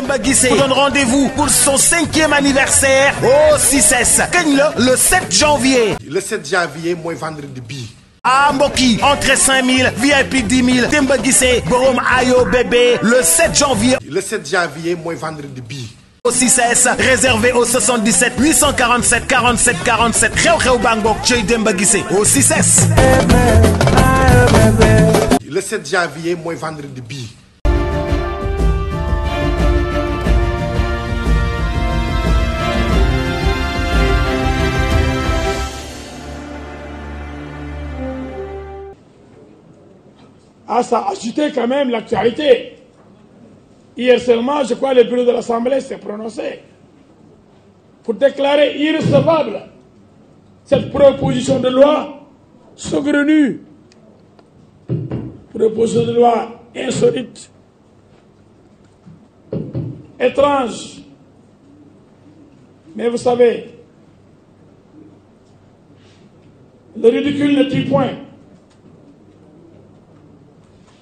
Demba Guissé mu doon rendez-vous pour son cinquième anniversaire au CICES kañ e la le 7 janvier. le 7 janvier mooy vendredi bii. mbokk yi entrée 5000 VIP 10 000 Demba Guissé borom ayo bébé le 7 janvier. le 7 janvier mooy vendredi bii. au 6S e réservé au 77 847 47 47 xew-xew Bangok cey Demba Guissé au 6S. E le 7 janvier mooy vendredi bii. Ah, ça a agité quand même l'actualité. Hier seulement, je crois, le bureau de l'Assemblée s'est prononcé pour déclarer irrecevable cette proposition de loi saugrenue, proposition de loi insolite, étrange. Mais vous savez, le ridicule ne tue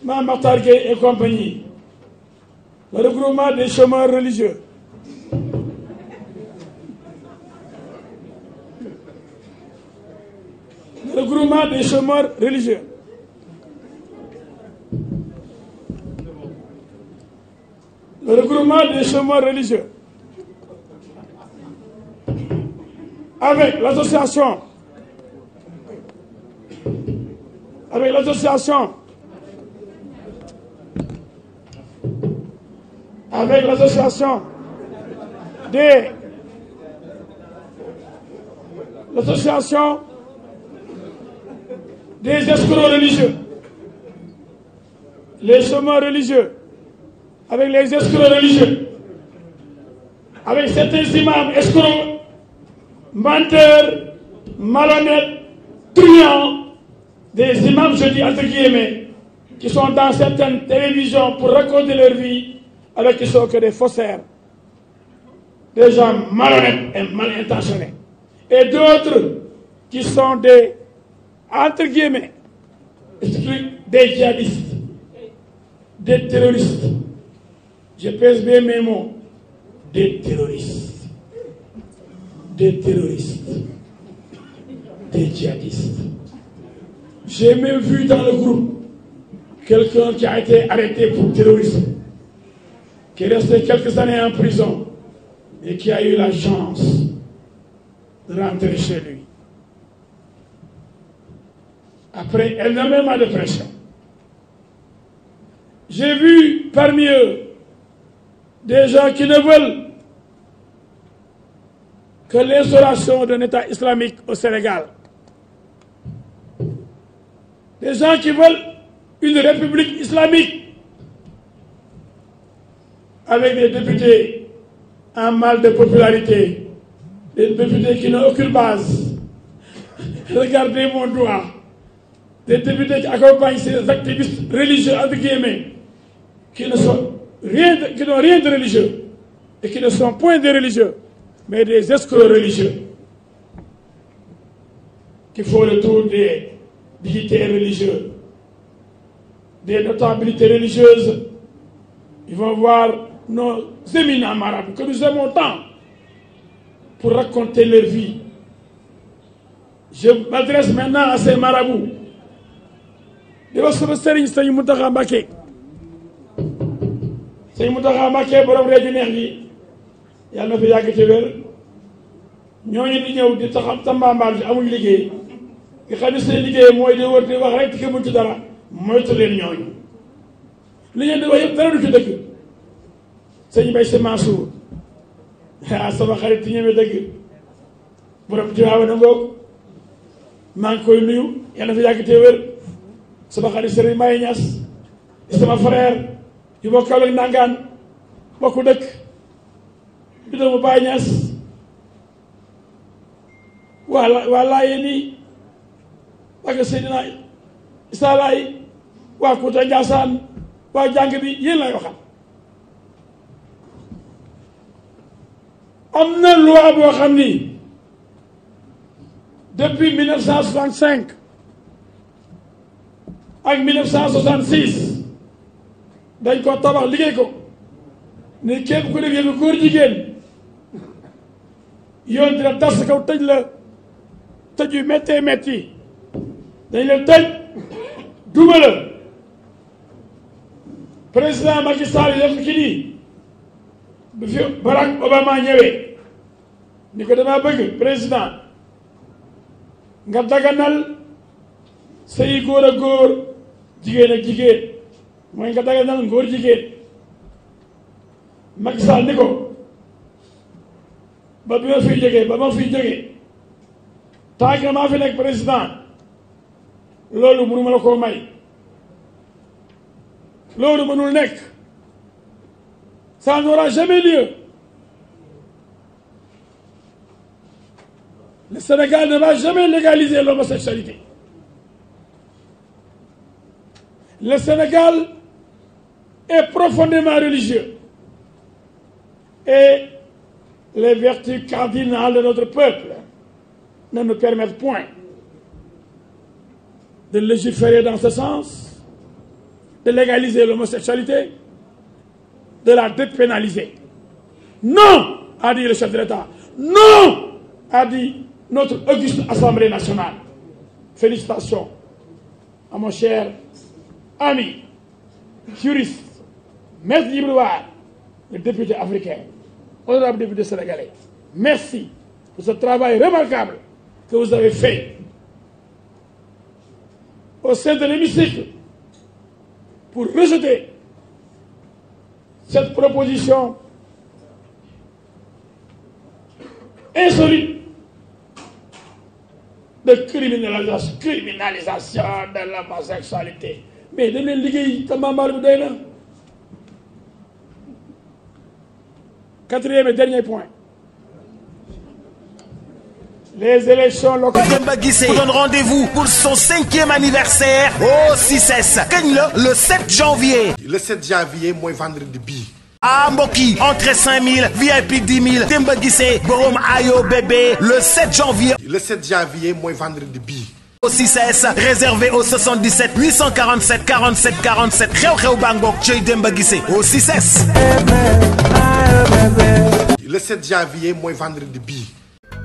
Mame Makhtar Gueye et compagnie, le regroupement des chômeurs religieux, le regroupement des chômeurs religieux, le regroupement des chômeurs religieux, avec l'association, avec l'association avec l'association des l'association religieux, les chemins religieux, avec les escrocs religieux, avec certains imams escrocs, menteurs, malhonnêtes, truands, des imams, je dis entre guillemets, qui sont dans certaines télévisions pour raconter leur vie avec qui sont que des faussaires, des gens malhonnêtes et mal intentionnés, et d'autres qui sont des, entre guillemets, des djihadistes, des terroristes. Je pèse bien mes mots, des terroristes, des terroristes, des djihadistes. J'ai même vu dans le groupe quelqu'un qui a été arrêté pour terrorisme. qui est resté quelques années en prison et qui a eu la chance de rentrer chez lui. Après énormément de pression, j'ai vu parmi eux des gens qui ne veulent que l'instauration d'un État islamique au Sénégal. Des gens qui veulent une république islamique avec des députés en mal de popularité, des députés qui n'ont aucune base. Regardez mon doigt. Des députés qui accompagnent ces activistes religieux, entre guillemets, qui ne sont rien de, qui et qui ne sont point des religieux, mais des escrocs religieux qui font le tour des dignitaires religieux, des notabilités religieuses. Ils vont voir nos éminents marabouts que nous aimons tant pour raconter leur vie. Je m'adresse maintenant à ces marabouts. di wax sama sëriñ sëñ Mountakha Mbacké sëñ Mountakha Mbacké borom réew ju neex gi yàlla na fi yàgg ci wér ñooñu di ñëw di taxam tambaambaar ji amuñ liggéey nga xam ne seen liggéey mooy di wër di wax rek di xamul ci dara moytu leen ñooñu li di wax du ci dëkk sëñ Bay Si Mansour ah sama xarit yi ñeme dëgg borom Tiwaawan a ngoog maa ngi koy nuyu yàlla na fi yàgg te wér sama xarit Serigne Maye Niass sama frère yu bokk Kaolack nangaan bokku dëkk bi doomu Baye Niass waa waa Laayeen yi waa ko waa Kuuta Njaasaan waa jàng bi yéen lay waxal am na loi boo xam ni depuis 1965 ak 1966 dañ ko tabax liggéey ko ni képp ku def yëfi góor jigéen yoon dina tas kaw tëj la tëj yu méttee métti dañ la tëj duma la président Macky Sall def ki nii bu fi Barack Obama ñëwee ni ko damaa bëgg président nga daganal sëy góor a góor jigéen ak jigéen mooy nga daganal ngóor jigéen Macky Sall ni ko ba bi ma fiy jógee ba ma fi jógee tant que maa fi nekk président loolu mënu ma la koo may loolu mënul nekk ça n'aura jamais lieu le Sénégal ne va jamais légaliser l'homosexualité. Le Sénégal est profondément religieux. Et les vertus cardinales de notre peuple ne nous permettent point de légiférer dans ce sens, de légaliser l'homosexualité, de la dépénaliser. Non, a dit le chef de l'État. Non, a dit notre auguste Assemblée nationale. Félicitations à mon cher ami, juriste, maître d'Ibrouard, le député africain, honorable député sénégalais. Merci pour ce travail remarquable que vous avez fait au sein de l'hémicycle pour rejeter cette proposition insolite de criminalisation criminalisation de l'homosexualité mais dañ leen liggéey tambaambaal bi doy na quatrième et dernier point les élections locales. Demba Guissé donne rendez-vous pour son cinquième anniversaire au CICES e kañ la le 7 janvier. le 7 janvier mooy vendredi bii. ah mbokk yi entrée 5000 VIP 10 000 Demba Guissé borom ayo bébé le 7 janvier. le janvier mooy vendredi bii. aussi CS réservé au 77 847 47 47 xew-xew Bangok cey Demba Guissé aussi CS. le 7 janvier mooy vendredi bii.